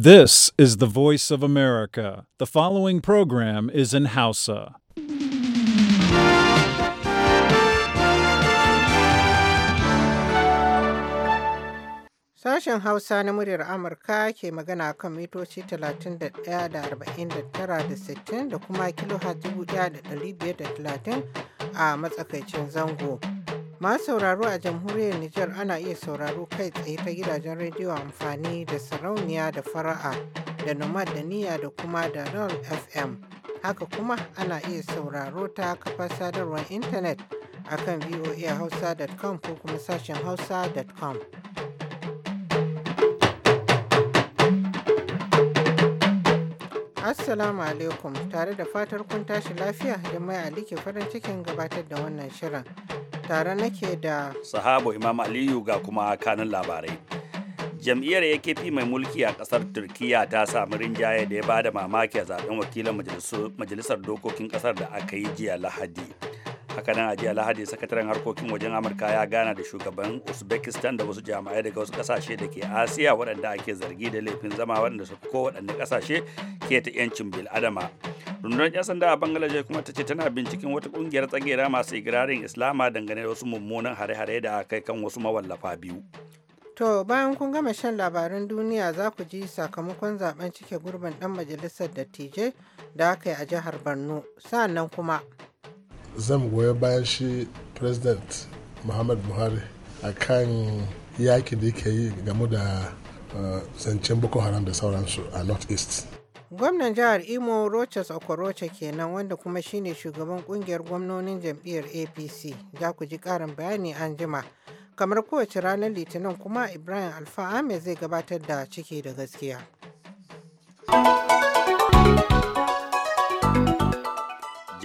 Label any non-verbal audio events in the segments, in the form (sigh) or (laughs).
This is the voice of America. The following program is in Hausa. Sashen Hausa na muryar Amurka ke magana kan mitoci 31 da da kuma kilo 1530 a matsakaicin zango. Masu sauraro a jamhuriyar Nijar ana iya sauraro kai tsaye ta gidajen rediyo amfani da sarauniya da fara'a da nomad da niyya da kuma da Nol FM. Haka kuma ana iya sauraro ta kafar sadarwar intanet akan voahausa.com ko kuma sashen hausa.com. Assalamu alaikum tare da fatar kun tashi lafiya da mai Ali ke farin cikin gabatar da wannan shirin. Tare nake da Sahabo Imam Aliyu ga kuma kanin labarai. Jam'iyyar AKP mai mulki a kasar Turkiya ta sami rinjaye da ya bada mamaki a zaben wakilan majalisar dokokin kasar da aka yi jiya Lahadi. hakanan a jiya lahadi sakataren harkokin wajen amurka ya gana da shugaban uzbekistan da wasu jami'ai daga wasu kasashe da ke asiya waɗanda ake zargi da laifin zama waɗanda su ko waɗanda kasashe ke ta yancin bil'adama rundunar 'yan sanda a bangladesh kuma ta ce tana binciken wata kungiyar tsagera masu igirarin islama dangane da wasu mummunan hare-hare da aka kai kan wasu mawallafa biyu To bayan kun gama shan labaran duniya za ku ji sakamakon zaben cike gurbin ɗan majalisar dattijai da aka yi a jihar Borno, sannan kuma zan goya bayan shi president muhammad buhari a kan yaki da yake yi game da uh, zancen boko haram da sauransu a north east gwamnan jihar imo rochas okorocha kenan wanda kuma shine shugaban kungiyar gwamnonin jam'iyyar apc za ku ji karin bayani an jima kamar kowace ranar litinin kuma ibrahim alfa zai gabatar da ciki da gaskiya.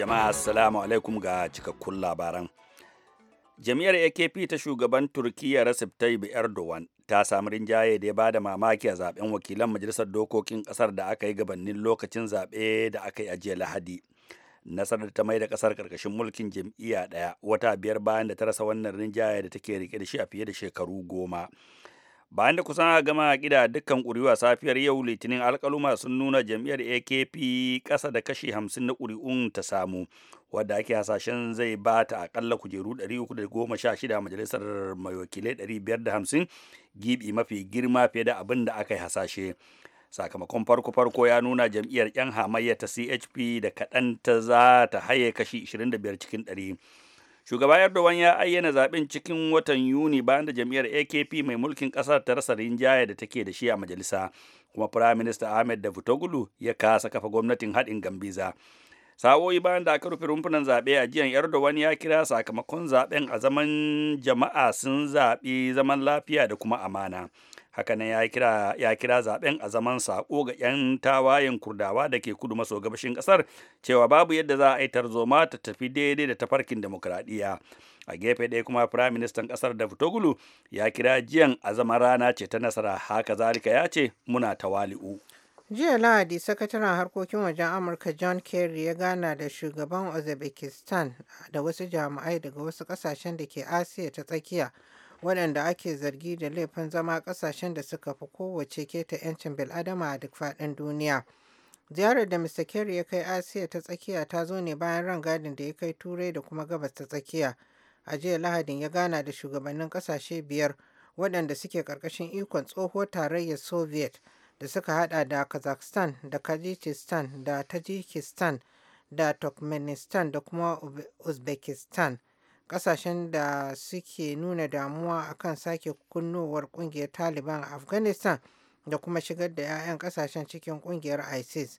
jama'a assalamu alaikum ga cikakkun labaran jami'ar akp ta shugaban turkiyya recep tayyip erdogan ta samu rinjaye da ya bada mamaki a zaben wakilan majalisar dokokin kasar da aka yi gabanin lokacin zaɓe da aka yi a jiya lahadi nasarar ta mai da kasar karkashin mulkin jam'iyya ɗaya wata biyar bayan da ta rasa wannan rinjaye da take rike da shi a fiye da shekaru goma bayan da kusan aka gama gida dukkan ƙuri'u safiyar yau litinin alkaluma sun nuna jam'iyyar akp ƙasa da kashi hamsin na ƙuri'un ta samu wadda ake hasashen zai ba ta aƙalla kujeru 316 majalisar mai wakilai 550 gibi mafi girma fiye da abin da aka yi hasashe sakamakon farko-farko ya nuna jam'iyyar 'yan hamayya ta chp da kaɗan ta za ta haye kashi 25 cikin 100 shugaba erdogan ya ayyana zaben cikin watan yuni bayan da jam'iyyar akp mai mulkin kasar ta rasa rinjaye da take da shi a majalisa kuma prime minista ahmed davutoglu ya kasa kafa gwamnatin haɗin gambiza sawoyi bayan da aka rufe rumfunan zaɓe a jiyan erdogan ya kira sakamakon zaɓen a zaman jama'a sun zaɓi zaman lafiya da kuma amana haka ya ya kira zaben a zaman sako ga 'yan tawayen kurdawa da ke kudu maso gabashin kasar cewa babu yadda za a yi tarzoma ta tafi daidai da tafarkin demokradiyya a gefe ɗaya kuma firaministan ƙasar fitogulu ya kira jiyan a zama rana ce ta nasara haka zalika ya ce muna tawali'u jiya lahadi sakataren harkokin wajen amurka john kerry ya gana da shugaban uzbekistan da wasu jami'ai daga wasu kasashen da ke asiya ta tsakiya waɗanda ake zargi da laifin zama ƙasashen da suka fi kowace keta 'yancin bil'adama a duk faɗin duniya. Ziyarar da Mr. Kerry ya kai Asiya ta tsakiya ta zo ne bayan rangadin da ya kai Turai da kuma gabas ta tsakiya. A jiya Lahadin ya gana da shugabannin ƙasashe biyar waɗanda suke ƙarƙashin ikon tsohuwar tarayyar Soviet da suka haɗa da Kazakhstan da Kyrgyzstan da Tajikistan da Turkmenistan da kuma Uzbekistan. Ƙasashen da suke nuna damuwa akan sake kunnowar ƙungiyar Taliban a Afghanistan da kuma shigar da 'ya'yan ƙasashen cikin ƙungiyar ISIS.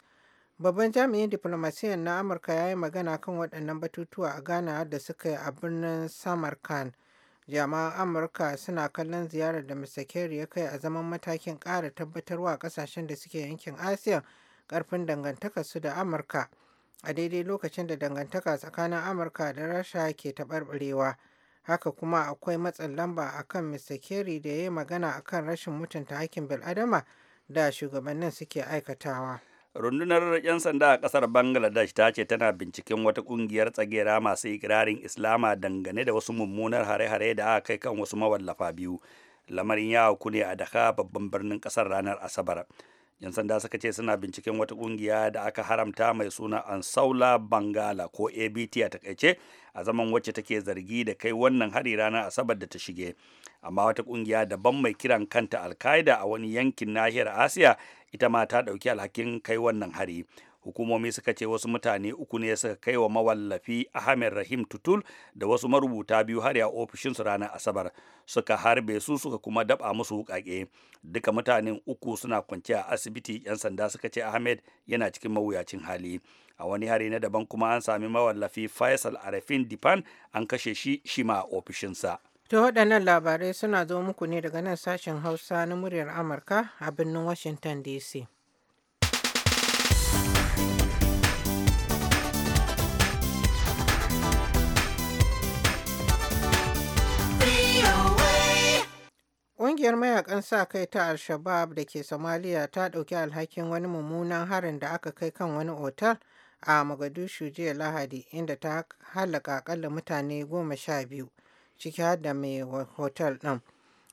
Babban jami'in diflomasiyyar na Amurka ya yi magana kan waɗannan batutuwa a Ghana da suka yi a birnin Samarkand. jama'an Amurka suna kallon ziyarar da Mr. Kerry ya kai a zaman matakin ƙara tabbatarwa ƙasashen da suke yankin Asiya ƙarfin dangantakarsu da Amurka. a daidai lokacin da dangantaka tsakanin amurka da rasha ke taɓarɓarewa haka kuma akwai matsin lamba akan mr kerry da ya yi magana a kan rashin mutunta hakkin bil'adama da shugabannin suke aikatawa rundunar 'yan sanda a kasar bangladesh ta ce tana binciken wata kungiyar tsagera masu ikirarin islama dangane da wasu mummunar hare-hare da aka kai kan wasu mawallafa biyu lamarin ya ne a daka babban birnin kasar ranar asabar yan sanda suka ce suna binciken wata kungiya da aka haramta mai suna ansaula bangala ko abt a takaice a zaman wacce take zargi da kai wannan hari ranar asabar da ta shige amma wata kungiya daban mai kiran kanta alkaida a wani yankin nahiyar asiya ita ma ta ɗauki alhakin kai wannan hari hukumomi suka ce wasu mutane uku ne suka kai wa mawallafi ahmed rahim tutul da wasu marubuta biyu har ya ofishinsu ranar asabar suka harbe su suka kuma daba musu wukake duka mutanen uku suna kwance a asibiti yan sanda suka ce ahmed yana cikin mawuyacin hali a wani hari na daban kuma an sami mawallafi faisal arafin dipan an kashe shi shi ma a ofishinsa To waɗannan labarai suna zo muku ne daga nan sashen Hausa na muryar Amurka a birnin Washington DC. Ƙungiyar mayakan sa-kai ta Al-Shabab da ke Somalia ta ɗauki alhakin wani mummunan harin da aka kai kan wani otal a Mogadishu jiya Lahadi inda ta halaka akalla mutane goma sha biyu ciki har da mai hotel ɗin.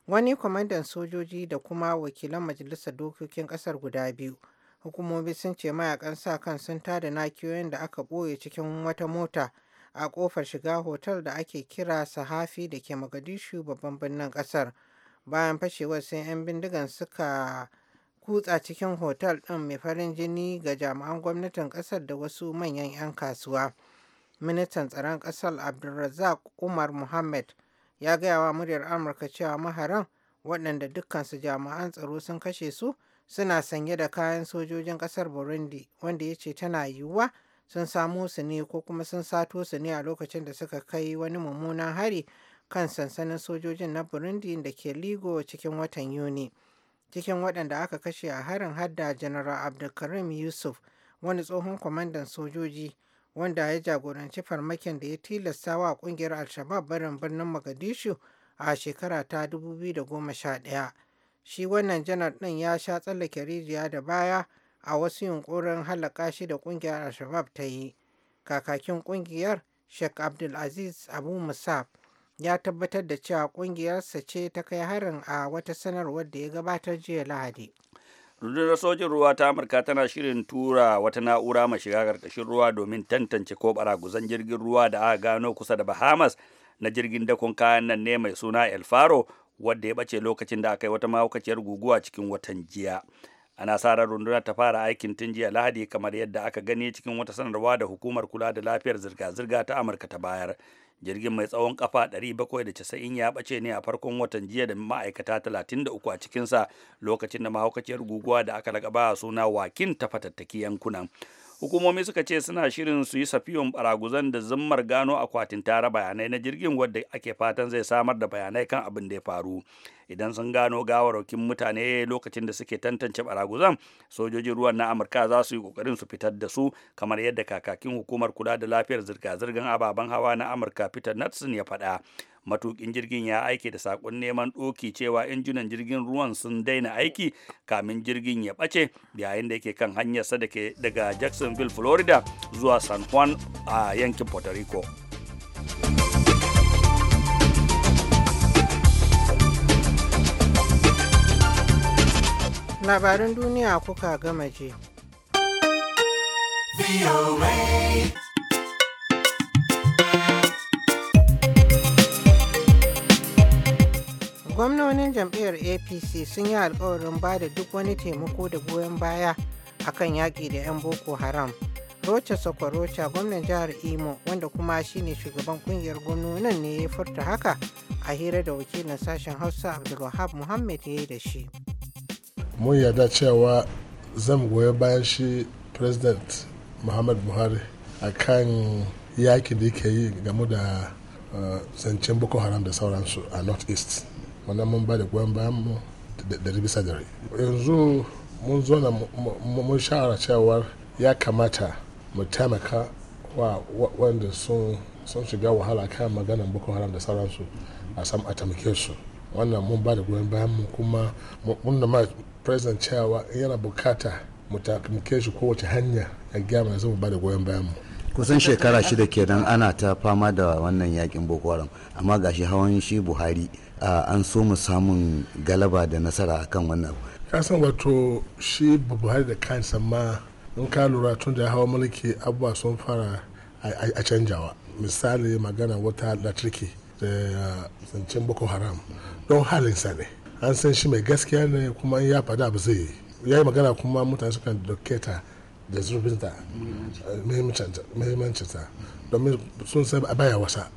Wani kwamandan sojoji da kuma wakilan majalisar dokokin ƙasar guda biyu. Hukumomi sun ce mayakan sa-kan sun tada nakiyoyin da aka ɓoye cikin wata mota a ƙofar shiga hotel da ake kira Sahafi da ke Mogadishu babban birnin ƙasar. bayan fashewar sai 'yan bindigan suka kutsa cikin hotel ɗin mai farin jini ga jami'an gwamnatin ƙasar da wasu manyan 'yan kasuwa ministan tsaron ƙasar abdulrazak umar muhammad ya gaya wa muryar amurka cewa maharan waɗanda dukkansu jami'an tsaro sun kashe su suna sanye da kayan sojojin ƙasar burundi wanda ya ce tana yiwuwa sun samo su ne ko kuma sun sato su ne a lokacin da suka kai wani mummunan hari kan sansanin sojojin na Burundi da ke Ligo cikin watan Yuni. Cikin waɗanda aka kashe a harin hadda General Abdulkarim Yusuf, wani tsohon kwamandan sojoji wanda ya jagoranci farmakin da ya tilasta wa ƙungiyar al shabab barin birnin Mogadishu a shekara ta 2011. Shi wannan janar ɗin ya sha tsallake rijiya da baya a wasu yunƙurin halaka shi da ƙungiyar al shabab ta yi. Kakakin ƙungiyar Sheikh Abdulaziz Abu Musab ya tabbatar da cewa kungiyarsa ce ta kai harin a wata sanarwar da ya gabatar jiya Lahadi. rundunar sojin ruwa ta amurka tana shirin tura wata na'ura mai shiga karkashin ruwa domin tantance ko baraguzan jirgin ruwa da aka gano kusa da bahamas na jirgin dakon kayan nan ne mai suna el faro wadda ya bace lokacin da aka yi wata mahaukaciyar guguwa cikin watan jiya ana sa ran rundunar ta fara aikin tun jiya lahadi kamar yadda aka gani cikin wata sanarwa da hukumar kula da lafiyar zirga-zirga ta amurka ta bayar jirgin mai tsawon kafa 790 ya bace ne a farkon watan jiya da ma'aikata 33 a cikinsa lokacin da mahaukaciyar guguwa da aka lakaba suna wakin ta fatattaki yankunan hukumomi suka ce suna shirin su yi safiyon baraguzan da zimmar gano akwatin tara bayanai na jirgin wadda ake fatan zai samar da bayanai kan abin da ya faru idan sun gano gawarwakin mutane lokacin da suke tantance baraguzan sojojin ruwan na amurka za su yi kokarin su fitar da su kamar yadda kakakin hukumar kula da lafiyar zirga-zirgar ababen hawa na amurka peter nutson ya faɗa matukin jirgin ya aike da sakon neman doki cewa injunan jirgin ruwan sun daina aiki kamin jirgin ya ɓace yayin da yake kan hanyarsa da ke daga jacksonville florida zuwa san juan a yankin puerto rico labarin duniya kuka gama je. Gwamnonin jam'iyyar APC sun yi alkawarin ba da duk wani taimako da goyon baya a kan yaƙi da 'yan Boko Haram. Rocha Sokorocha gwamnan jihar Imo wanda kuma shine shugaban kungiyar gwamnonin ne ya furta haka a hira da wakilin sashen Hausa Abdulwahab Muhammad ya yi da shi. Mun yarda cewa zan goyi bayan shi President Muhammad Buhari a kan yaƙi da yake yi game da eh, zancen Boko Haram da sauransu a North East. wannan mun ba da goyon bayan mu da bisa da yanzu mun zo na mun shawara cewar ya kamata mu taimaka wa wanda sun shiga wahala kan maganan boko haram da sauransu a sam a taimake su wannan mun ba da goyon bayan mu kuma mun da ma president cewa yana bukata mu taimake shi kowace hanya a gaya mana zama ba da goyon bayan mu kusan shekara shida kenan ana ta fama da wannan yakin boko haram amma gashi hawan shi buhari an so mu samun galaba da nasara akan wannan kasan wato shi buhari da kansa ma in ka lura tun da hawa mulki abubuwa sun fara a canjawa misali magana wata latriki da zancen boko haram don halinsa ne an san shi mai gaskiya ne kuma ya fada abu zai ya yi magana kuma mutane sukan doketa da zurfinta muhimmancinta domin sun sai a baya wasa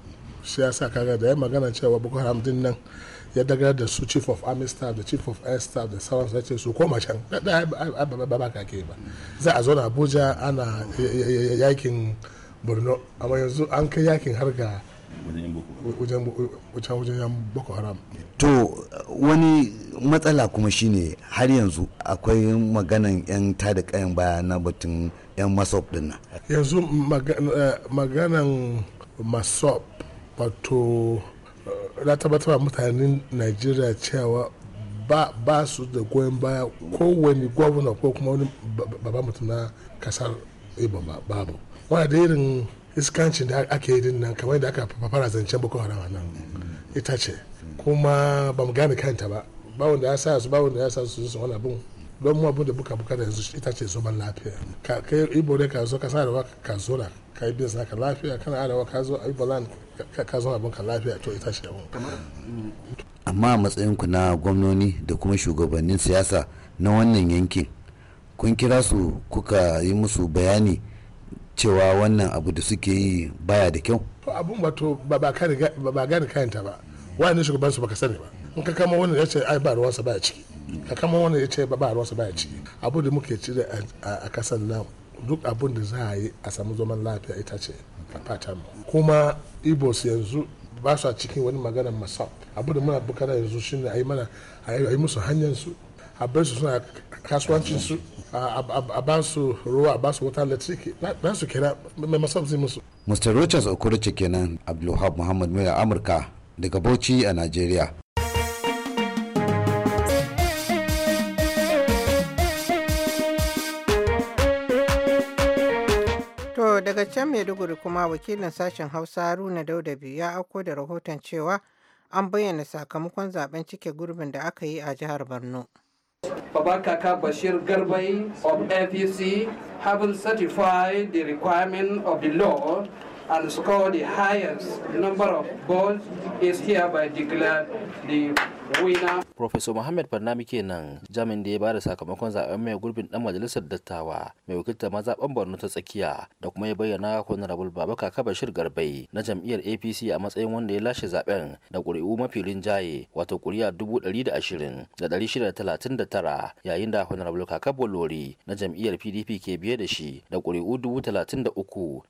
sai ya sa kaga da ya magana cewa boko haram din nan ya dagar da su chief of army staff da chief of air staff da sauran su ce su koma can ba ba kake ba za a zo na abuja ana yakin borno amma yanzu an kai yakin har ga wajen yan boko haram to wani matsala kuma shine har yanzu akwai maganan yan tada kayan baya na batun yan masop dinna yanzu eh, maganan masop wato eh, na tabbatar mutanen najeriya cewa ba su da goyon baya kowane gwamna ko kuma wani babban mutum na kasar ibo babu wani da irin iskancin da ake yi dinnan nan kamar da aka fara zancen boko haram nan ita ce kuma ba mu gane kanta ba bawon da ya sa su bawon da ya sa su su wani abin don mu abin da buka buka da yanzu ita ce zaman lafiya ka yi bore ka zo ka sa arewa ka zo da ka yi bisa ka lafiya kana arewa ka zo yi land ka zo abin ka lafiya to ita ce abin amma a matsayinku na gwamnoni da kuma shugabannin siyasa na wannan yankin kun kira su kuka yi musu bayani cewa wannan abu da suke yi baya da kyau to abun ba to ba ba gani kayanta ba wani shugaban su baka sani ba in ka kama wannan ya ce ai ba ruwansa baya ciki ka kama wani ya ce ba ba ruwansa ba ya ci abu da muke ci a kasan nan duk abun da za a yi a samu zaman lafiya ita ce fatan kuma ibo su yanzu ba su a cikin wani magana masaf abu da muna bukana yanzu shi a mana a yi musu hanyar su a bar su suna kasuwancin su a ba su ruwa a ba su wuta lantarki na su kira mai masaf zai musu mr richards okoroche kenan abdulhab muhammad mai amurka daga bauchi a nigeria can maiduguri kuma wakilin sashen hausa haruna dauda biyu ya auko da rahoton cewa an bayyana sakamakon zaben cike gurbin da aka yi a jihar borno Babakaka Bashir Garbai of APC have certified the requirement of the law and scored the highest number of votes is hereby declared the wina. Profesor Muhammad kenan jami'in da ya bada sakamakon zaben mai gurbin dan majalisar dattawa mai wakiltar mazaɓan Borno ta tsakiya da kuma ya bayyana Honorable Babaka Bashir Garbai na jam'iyyar APC a matsayin wanda ya lashe zaben da ƙuri'u mafi rinjaye wato ƙuri'a dubu ɗari da ashirin da da tara yayin da Honorable Kaka Bolori na jam'iyyar PDP ke biye da shi da ƙuri'u dubu da uku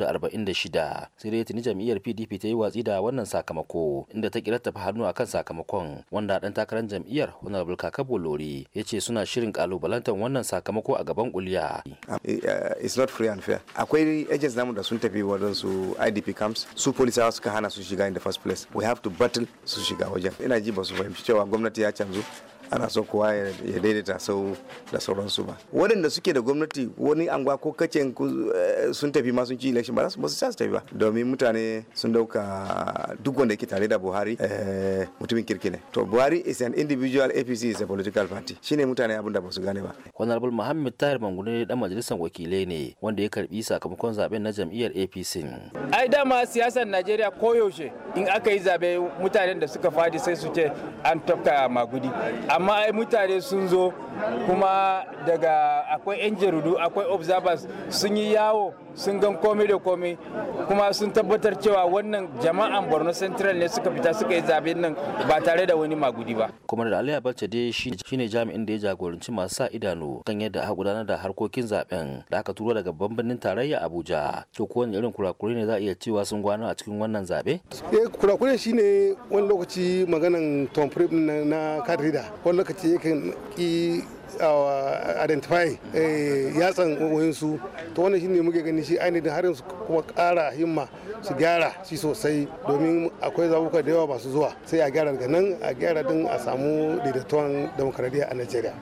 da shida. Sai dai tuni jam'iyyar PDP ta yi watsi da wannan sakamako inda ta kira hannu akan sakamakon zaben wanda dan takarar jam'iyyar honorable kakabo lori ya ce suna shirin kalubalantar wannan sakamako a gaban kuliya um, eh, eh, it's not free and fair akwai agents namu da sun tafi wajen su idp camps su polisawa suka hana su shiga in the first place we have to battle su shiga wajen ina ji ba su fahimci cewa gwamnati ya canzu ana so kowa ya daidaita sau da sauransu ba waɗanda suke da gwamnati wani anguwa ko kace eh, sun tafi ma sun ci election ba za su ba su tafi ba domin mutane sun dauka duk wanda yake tare da buhari eh, mutumin kirki ne to buhari is an individual apc is a political party shine mutane abin da ba su gane ba honorable muhammad tahir mangune dan majalisar wakilai ne wanda ya karbi sakamakon zaben na jam'iyyar apc ai dama siyasar najeriya koyaushe in aka yi zabe mutanen da suka fadi sai su ce an tafka magudi amma ai mutane sun zo kuma daga akwai 'yan jaridu akwai observers sun yi yawo sun gan komai da komai kuma sun tabbatar cewa wannan jama'an borno central ne suka fita suka yi zaben nan ba tare da wani magudi ba kuma da aliyu abacha dai shine jami'in da ya jagoranci masu sa idanu kan yadda aka gudanar da harkokin zaben da aka turo daga babban birnin tarayya abuja to ko irin kurakure ne za a iya cewa sun gwana a cikin wannan zabe eh kurakure shine wani lokaci maganan tom na kadrida wani lokaci yakan ki identify eh, yatsan wayansu to wannan shine muke gani shi ainihin har yanzu kuma kara himma su gyara shi sosai domin akwai zabuka da yawa masu zuwa sai a gyara daga nan a gyara din a samu daidaituwan demokradiyya a najeriya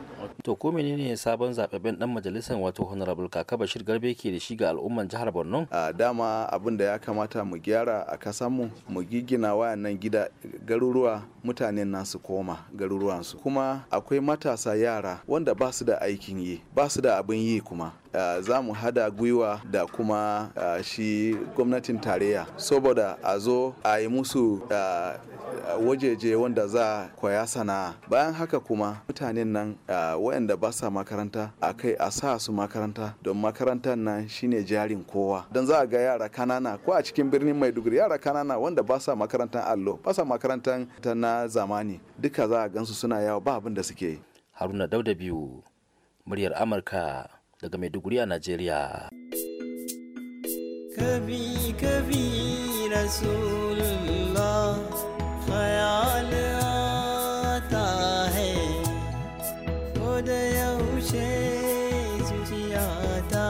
To ko menene sabon zababben dan majalisar wato Honorable Kaka Bashir Garbe ke da shi ga al'umman jihar Borno? A dama abin da ya kamata mu gyara a kasanmu mu mu gigina wayannan gida garuruwa mutanen nasu koma garuruwansu kuma akwai matasa yara wanda ba su da aikin yi ba su da abin yi kuma za mu hada gwiwa da kuma shi gwamnatin tarayya saboda a zo a yi musu wajeje wanda za koya sana'a bayan haka kuma mutanen nan waɗanda ba sa makaranta a kai a sa su makaranta don makarantar nan shine jarin kowa don za a ga yara kanana ko a cikin birnin maiduguri yara kanana wanda ba sa makarantar allo ba sa makarantar ta na zamani duka za a gansu suna yawo ba abin da suke yi haruna dauda biyu muryar amurka daga Maiduguri a Najeriya. Kabi kabi Rasulullah khayal aata hai khud yaushe zuciya ta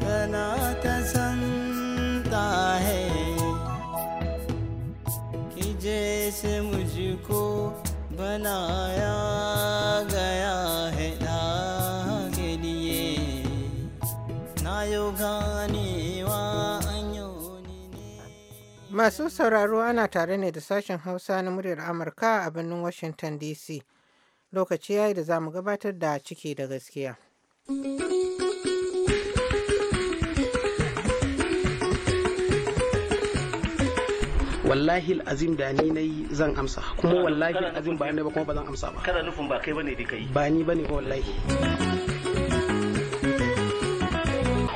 तना तसनता है कि जैसे मुझको बनाया Masu sauraro ana tare ne da sashen Hausa na muryar Amurka a birnin Washington DC. Lokaci yayi da zamu gabatar da ciki da gaskiya. wallahi azim da ni nayi zan amsa kuma wallahi azim ba ni ba kuma ba zan amsa ba kana nufin ba kai bane da kai ba ni bane wallahi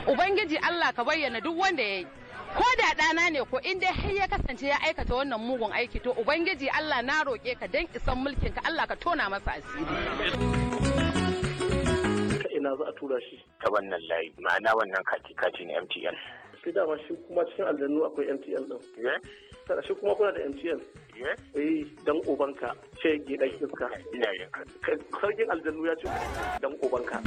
ubangiji Allah ka bayyana duk wanda yayi ko da ɗana ne ko in dai har ya kasance ya aikata wannan mugun aiki to ubangiji Allah na roƙe ka dan isan mulkin ka Allah ka tona masa asiri. ina za a tura shi. Ta wannan layi ma'ana wannan kati kaci ne MTN. Sai dama shi kuma cikin aljannu akwai MTN din. Ye? shi kuma kuna da MTN. Eh dan ubanka ce gidan iska. Ina yin ka. Sarkin aljannu ya ce dan ubanka.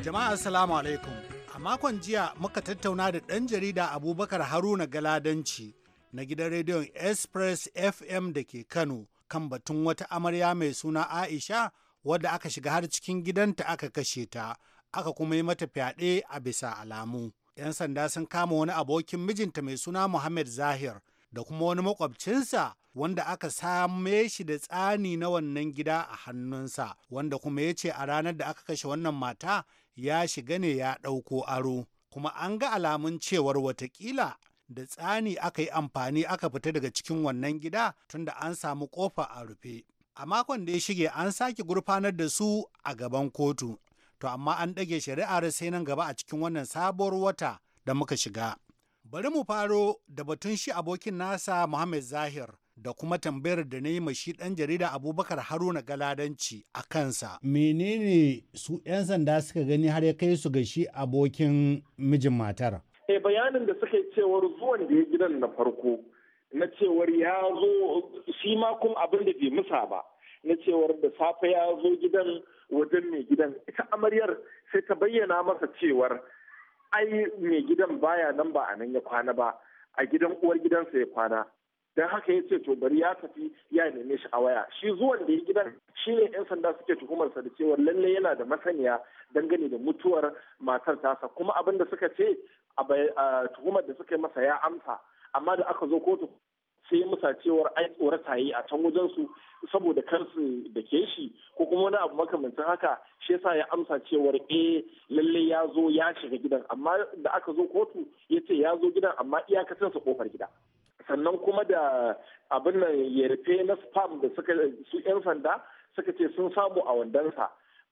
Jama'a assalamu alaikum. A makon jiya muka tattauna da ɗan jarida Abubakar Haruna Galadanci na gidan rediyon Express FM da ke Kano kan batun wata amarya mai suna Aisha wadda aka shiga har cikin gidanta aka kashe ta, aka kuma yi mata fyaɗe a bisa alamu. 'Yan sanda sun kama wani abokin mijinta mai suna Muhammad Zahir da kuma wani makwabcinsa wanda aka same shi da tsani na wannan gida a hannunsa, wanda kuma ya ce a ranar da aka kashe wannan mata ya shiga ne ya ɗauko aro kuma an ga alamun cewar watakila da tsani aka yi amfani aka fita daga cikin wannan gida tunda an samu ƙofa a rufe. A makon da ya shige an sake gurfanar da su a gaban kotu, to amma an ɗage shari'ar sai nan gaba a cikin wannan sabuwar wata da muka shiga. Bari mu faro da batun shi abokin nasa Muhammad Zahir da kuma tambayar da na yi ma shi ɗan jarida abubakar haruna galadanci a kansa. menene su 'yan sanda suka gani har ya kai su ga shi abokin mijin matar. e bayanin da suka yi cewar zuwan da ya gidan na farko na cewar ya zo shi ma kun abin da bai musa ba na cewar da safe ya zo gidan wajen mai gidan ita amaryar sai ta bayyana masa cewar ai mai gidan baya nan ba a nan ya kwana ba a gidan uwar gidansa ya kwana don haka ya ce to bari ya tafi ya neme shi a waya shi zuwan da ya gidan shi ne yan sanda suke sa da cewa lalle yana da masaniya dangane da mutuwar matar tasa kuma abin da suka ce a tuhumar da suka yi masa ya amsa amma da aka zo kotu sai ya musa cewar ai tsorata yi a can wajen su saboda kar su da ke shi ko kuma wani abu makamancin haka shi yasa ya amsa cewar eh lalle ya zo ya shiga gidan amma da aka zo kotu ya ce ya zo gidan amma iyakacin sa kofar gida sannan kuma da abin nan ya rufe na spam da suka su 'yan sanda suka ce sun samu a wandansa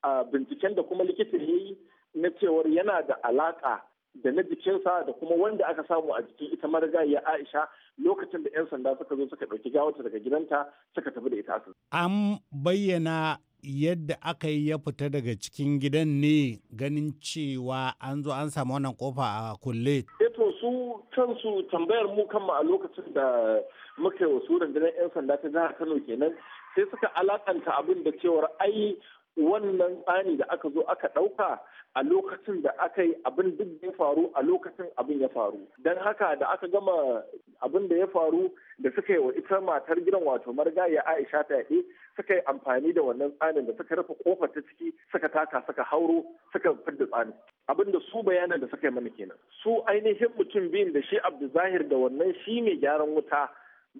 a binciken da kuma likita ya yi na cewar yana da alaka da na jikinsa da kuma wanda aka samu a jikin ita marga ya aisha lokacin da 'yan sanda suka zo suka ɗauki gawata daga gidanta suka tafi da ita asibiti. an bayyana yadda aka yi ya fita daga cikin gidan ne ganin cewa an zo an samu wannan kofa a kulle. Eto eh su kansu tambayar mu kanmu a lokacin da muka yi wasu rundunar 'yan sanda ta jihar Kano kenan sai suka alakanta abin da cewar ai wannan tsani da aka zo aka ɗauka a lokacin da aka yi abin duk ya faru a lokacin abin ya faru don haka da aka gama abin da ya faru da suka yi wa ita matar gidan wato marigaya aisha ta yaɗe suka yi amfani da wannan tsanin da suka rufe kofar ta ciki suka taka suka hauro suka fidda tsanin abin da su bayanan da suka yi mana kenan su ainihin mutum biyun da shi abdu zahir da wannan shi mai gyaran wuta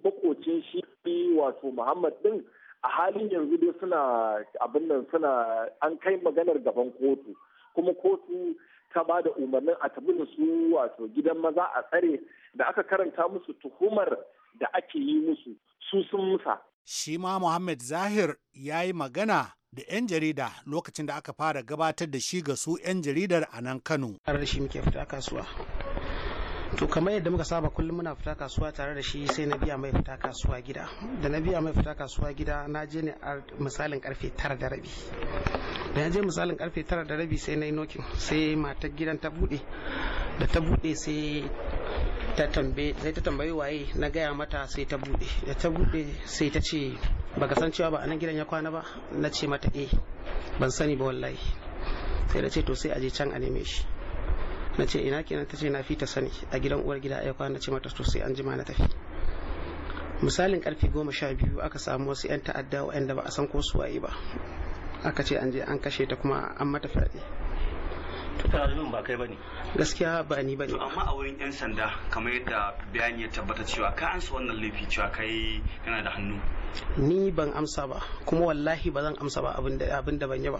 bakocin shi wato muhammad din a halin yanzu dai suna abin nan suna an kai maganar gaban kotu kuma kotu ta ba da umarnin a tabi da su wato gidan maza a tsare da aka karanta musu tuhumar da ake yi musu su sun musa. Shi ma Muhammad Zahir ya yi magana da 'yan jarida lokacin da aka fara gabatar da shi ga su 'yan jaridar a nan Kano. ƙarar shi muke fita kasuwa. to kamar yadda muka saba kullum muna fita kasuwa tare da shi sai na biya mai fita kasuwa gida da na biya mai fita kasuwa gida na je ne misalin karfe tara da rabi da na je misalin karfe tara da rabi sai na yi nokin sai matar gidan ta bude da ta bude sai ta tambaye sai ta tambayi waye na gaya mata sai ta bude da ta bude sai ta ce baka san cewa ba anan gidan ya kwana ba na ce mata eh ban sani ba wallahi sai da ce to sai a je can a neme shi na ce ina kenan ta ce na fi ta sani a gidan uwar gida a kwana ce mata to sai an jima na tafi misalin karfe goma sha biyu aka samu wasu 'yan ta'adda waɗanda ba a san ko suwaye ba aka ce an je an kashe ta kuma an mata fyaɗe tutararrun ba kai bane gaskiya ba ni bane amma a wurin yan sanda kamar yadda bayani ya tabbata cewa ka su wannan laifi cewa kai kana da hannu ni ban amsa ba kuma wallahi ba zan amsa ba abin da ban yi ba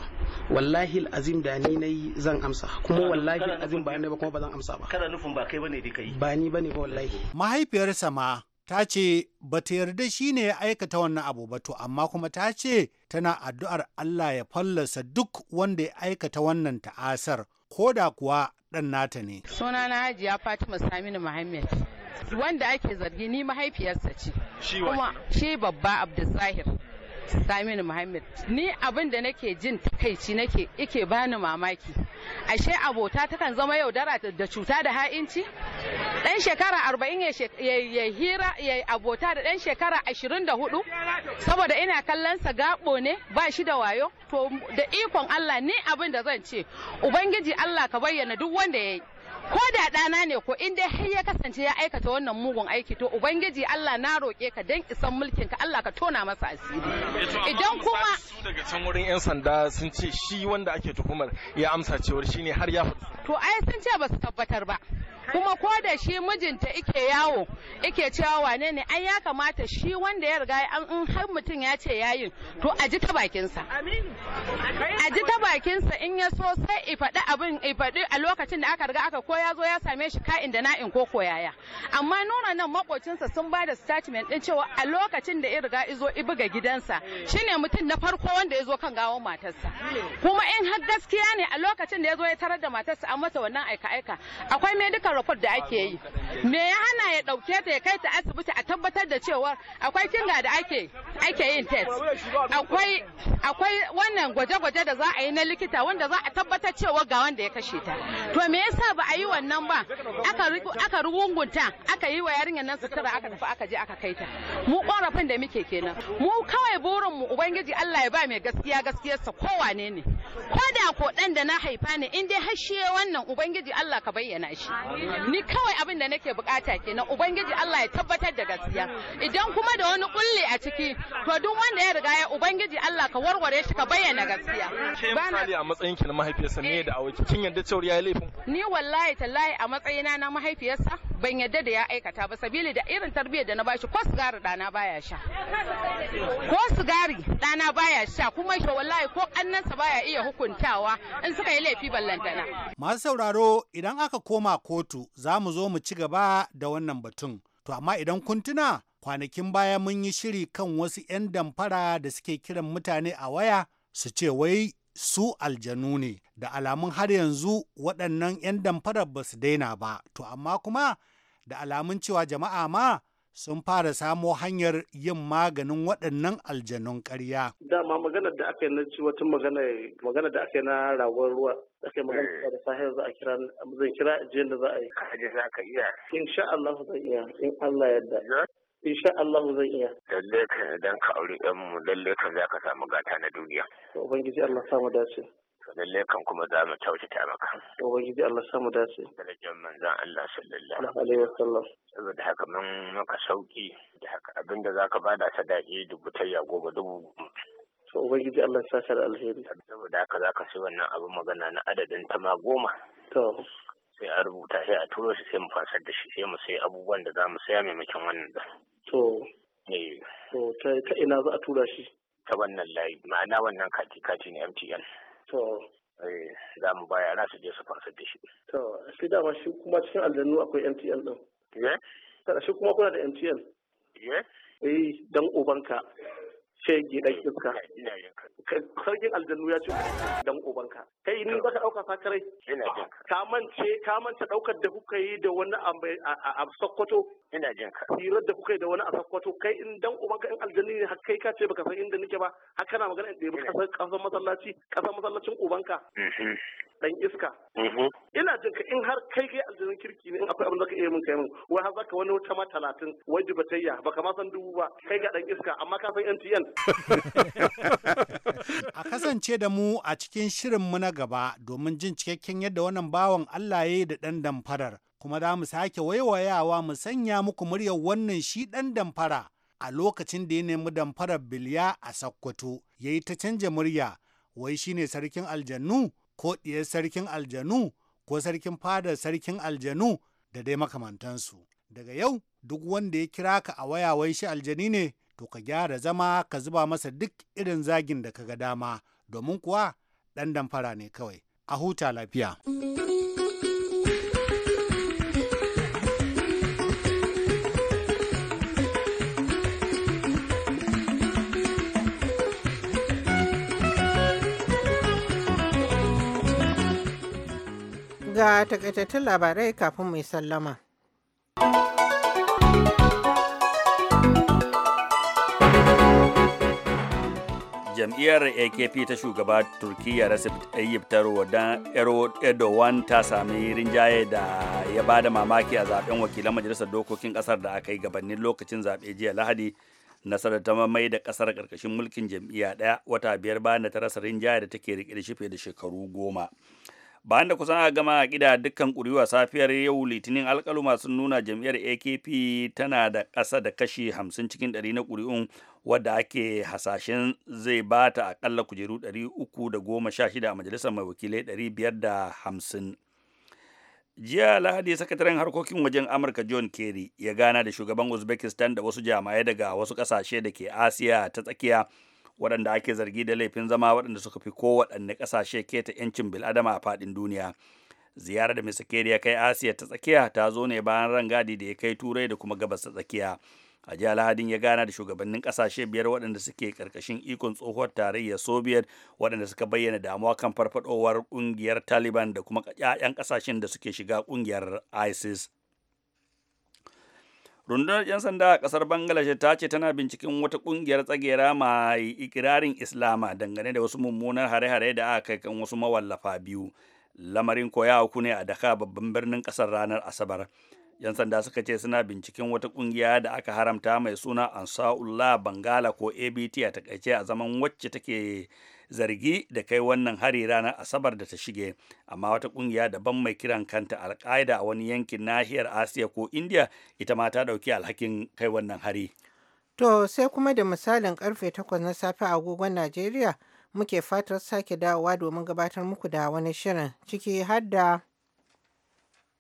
wallahi azim da ni na yi zan amsa kuma wallahi azim ba ni ba kuma ba zan amsa ba kana nufin ba kai bane da kai ba ni bane ba wallahi mahaifiyarsa ma ta ce ba ta yarda shi ne ya aikata wannan abu ba to amma kuma ta ce tana addu'ar Allah ya fallasa duk wanda ya aikata wannan ta'asar ko da kuwa ɗan nata ne. Suna na Hajiya Fatima Saminu Muhammad. Wanda ake zargi ni mahaifiyarsa ce. Shi Kuma shi babba Abdulzahir Saminu Muhammad. Ni abin da nake jin takaici nake ike bani mamaki. ashe abota takan zama yaudara da cuta da ha'inci ɗan shekara arba'in ya hira ya abota da ɗan shekara ashirin da hudu saboda ina kallon sa ne ba shi da wayo to da ikon Allah ni abin da zan ce ubangiji Allah ka bayyana duk wanda ya yi ko da ɗana ne ko in dai har ya kasance ya aikata wannan mugun aiki to ubangiji Allah na roƙe ka dan isan mulkin ka Allah ka tona masa asiri eh, idan kuma su daga can wurin yan sanda sun ce shi wanda ake tuhumar ya amsa cewar shine har ya to ai sun ce ba su tabbatar ba kuma ko da shi mijinta ike yawo ike cewa wane ne ai ya kamata shi wanda ya riga an har mutum ya ce yayin to a ji ta bakinsa a ji ta bakinsa in ya so sai i faɗi abin i a lokacin da aka riga aka koya ya zo ya same shi ka'in da na'in ko koyaya amma nuna nan makocinsa sun ba da statement din cewa a lokacin da ya riga izo buga gidansa shine mutum na farko wanda ya zo kan gawon matarsa kuma in har gaskiya ne a lokacin da ya zo ya tarar da matarsa a masa wannan aika aika akwai medical report da ake yi me ya hana ya dauke ta ya kai ta asibiti a tabbatar da cewa akwai kinga da ake ake yin test akwai akwai wannan gwaje-gwaje da za a yi na likita wanda za a tabbatar cewa ga wanda ya kashe ta to me yasa ba a yi yi wannan ba aka rungunta aka yi wa yarinyar nan sutura aka tafi aka je aka kai ta mu korafin da muke kenan mu kawai burin mu ubangiji Allah ya ba mai gaskiya gaskiyarsa kowane ne ko da ko dan da na haifa ne in dai hashe wannan ubangiji Allah ka bayyana shi ni kawai abin da nake bukata kenan ubangiji Allah ya tabbatar da gaskiya idan kuma da wani kulle a ciki to duk wanda ya riga ya ubangiji Allah ka warware shi ka bayyana gaskiya ni a matsayin ki na mahaifiyarsa ne da awaki kin yarda cewa ya laifin ni wallahi wallahi tallahi a matsayina na mahaifiyarsa ban yadda da ya aikata ba sabili da irin tarbiyyar da na bashi ko sigari ɗana baya sha ko sigari ɗana baya sha kuma shi wallahi ko annansa baya iya hukuntawa in suka yi laifi ballantana masu sauraro idan aka koma kotu za mu zo mu ci gaba da wannan batun to amma idan kun tuna kwanakin baya mun yi shiri kan wasu 'yan damfara da suke kiran mutane a waya su ce wai su aljanu ne da alamun har yanzu waɗannan 'yan damfarar ba su daina ba to amma kuma da alamun cewa jama'a ma sun fara samo hanyar yin maganin waɗannan aljanun ƙarya. Dama maganar da aka yi na ci wata magana da aka yi na rawar ruwa aka yi magana da sahiyar za a kira zan kira ajiyar da za a yi. za ka iya. In sha Allah zan iya in Allah yadda. insha Allah zai iya lalle kan idan ka auri ɗan mu lalle kan za ka samu gata na duniya ubangiji Allah samu dace lalle kan kuma za mu ta maka ubangiji Allah samu dace darajar zan Allah sallallahu alaihi sallam. saboda haka mun maka sauki da haka abinda ba bada sadaki dubu tayya goma dubu to ubangiji Allah ya saka da alheri saboda haka zaka sai wannan abin magana na adadin ta ma goma to sai a rubuta sai a turo shi sai mu fasar da shi sai mu sai abubuwan da za mu saya maimakon wannan da to eh. to ta ina za a tura shi ta wannan layi ma'ana wannan kati kati ne MTN to eh, za mu baya na su je su fansa da shi to shi dama shi kuma cikin aljannu akwai MTN din eh shi kuma kuna da MTN eh eh dan ubanka shege dan iska sarkin aljannu ya ce dan ubanka kai ni baka dauka kare ka mance ka mance daukar da kuka yi da wani a Sokoto ina jinka hirar da kuka yi da wani a Sokoto kai in dan ubanka in aljannu ne kai ka ce baka san inda nake ba har kana magana in da kasar masallaci kasar masallacin ubanka mm-hmm. dan iska mm-hmm. ina jin ka in har kai kai aljinin kirki ne in akwai abin da ka iya min kai min wai har zaka wani wata ma talatin wai dubatayya baka ma san dubu ba kai ga dan iska amma ka san MTN (laughs) a kasance da mu a cikin shirin mu na gaba domin jin cikakken yadda wannan bawan Allah ya yi da dan damfarar kuma za mu sake waiwayawa mu sanya muku muryar wannan shi dan damfara a lokacin da ya nemi damfarar biliya a Sokoto ya yi ta canja murya wai shine sarkin aljannu ko ɗiyar sarkin aljanu ko sarkin fadar sarkin aljanu da dai makamantansu. Daga yau duk wanda ya kira ka a waya wai shi aljani ne to ka gyara zama ka zuba masa duk irin zagin da ka ga dama domin kuwa ɗan damfara ne kawai. A huta lafiya. Ga takaitattun labarai kafin mu sallama. jam'iyyar akp ta shugaba turkiyya recep tayyip erdogan ta sami rinjaye da ya ba da mamaki a zaben wakilan majalisar dokokin kasar da aka yi gabanin lokacin zaɓe jiya lahadi nasarar ta mai da ƙasar karkashin mulkin jam'iyya ɗaya wata biyar bayan da ta rasa rinjaye da take rike da shi da shekaru goma bayan da kusan aka gama gida dukkan ƙuri'u safiyar yau litinin alkaluma sun nuna jam'iyyar akp tana da ƙasa da kashi 50 cikin ɗari na ƙuri'un wadda ake hasashen zai ba ta aƙalla kujeru 316 a majalisar mai wakilai 550 jiya lahadi sakataren harkokin wajen amurka john kerry ya gana da shugaban uzbekistan da wasu jami'ai daga wasu ƙasashe da ke asiya ta tsakiya waɗanda ake zargi da laifin zama waɗanda suka fi kowaɗanne ƙasashe keta 'yancin bil'adama a faɗin duniya ziyarar da mr ya kai asiya ta tsakiya ta zo ne bayan rangadi da ya kai turai da kuma gabas ta tsakiya a jiya lahadin ya gana da shugabannin kasashe biyar waɗanda suke ƙarƙashin ikon tsohuwar tarayyar soviet waɗanda suka bayyana damuwa kan farfaɗowar ƙungiyar taliban da kuma 'ya'yan ƙasashen da suke shiga ƙungiyar isis rundunar 'yan sanda a kasar bangladesh ta ce tana binciken wata ƙungiyar tsagera mai ikirarin islama dangane da wasu mummunar hare-hare da aka kai kan wasu mawallafa biyu lamarin koya ku ne a daka babban birnin ƙasar ranar asabar 'yan sanda suka ce suna binciken wata kungiya da aka haramta mai suna ansa'ullah bangala ko abt a takaice a zaman wacce take zargi da kai wannan hari ranar asabar da ta shige amma wata kungiya daban mai kiran kanta alkaida a wani yankin nahiyar asiya ko india ita ma ta dauki alhakin kai wannan hari to sai kuma da misalin karfe 8 na safe a agogon najeriya muke fatar sake dawowa domin gabatar muku da wani shirin ciki har da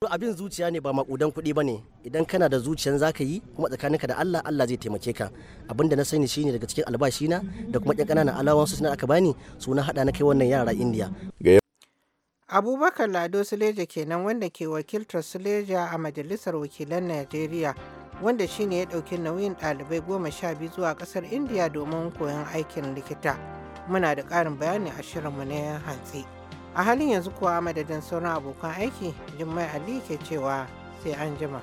to abin zuciya ne ba makudan kuɗi ba ne idan kana da zuciyan za ka yi kuma tsakaninka da Allah Allah zai taimake ka abin da na sani shine daga cikin albashina da kuma ƙyan ƙananan alawansu suna aka bani su na haɗa na kai wannan yara indiya abubakar lado suleja kenan wanda ke wakiltar suleja a majalisar wakilan najeriya wanda shine ya ɗauki nauyin ɗalibai goma sha biyu zuwa kasar indiya domin koyon aikin likita muna da karin bayani a shirinmu na hantsi. a halin yanzu kuwa madadin sauran abokan aiki ali ke cewa sai an jima.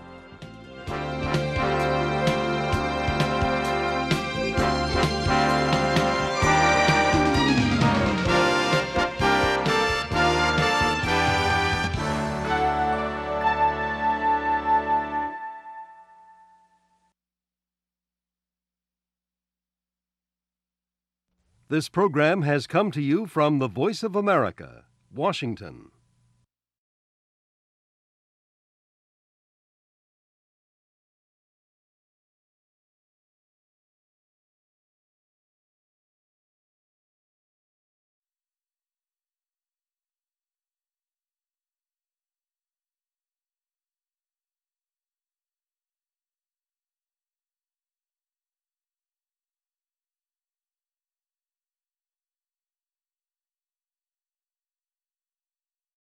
This program has come to you from the Voice of America, Washington.